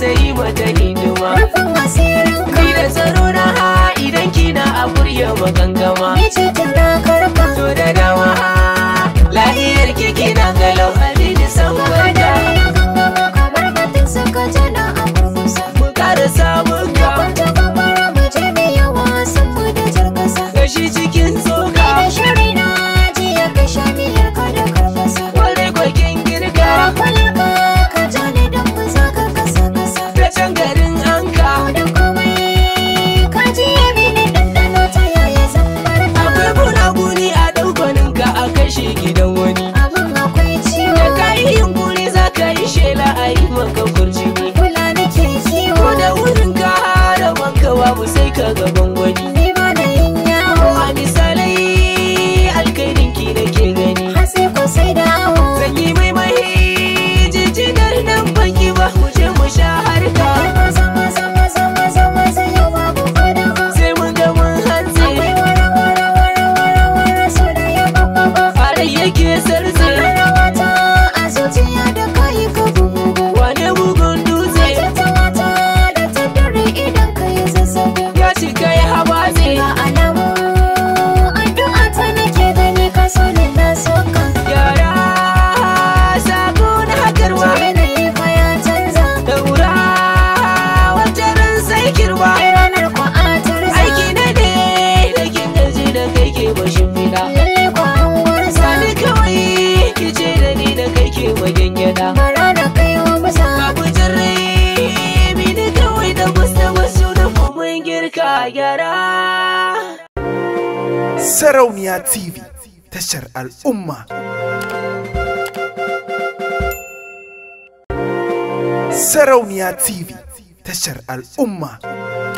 sai wata hidima Rufin da tsaro na ha idan kina a kurya ba gangama gidan wani. Abin akwai ciwo. Da ka yi yunkuri za ka yi shela a yi maka yara. Sarauniya TV, tashar al'umma. Sarauniya TV, tashar al'umma.